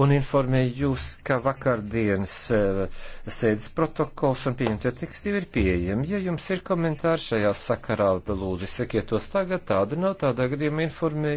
un informēju jūs, ka vakardienas eh, sēdes protokols un pieņemtie teksti ir pieejami. Ja jums ir komentāri šajā sakarā, lūdzu, sakiet tos tagad, tāda nav, tādā gadījumā informēju.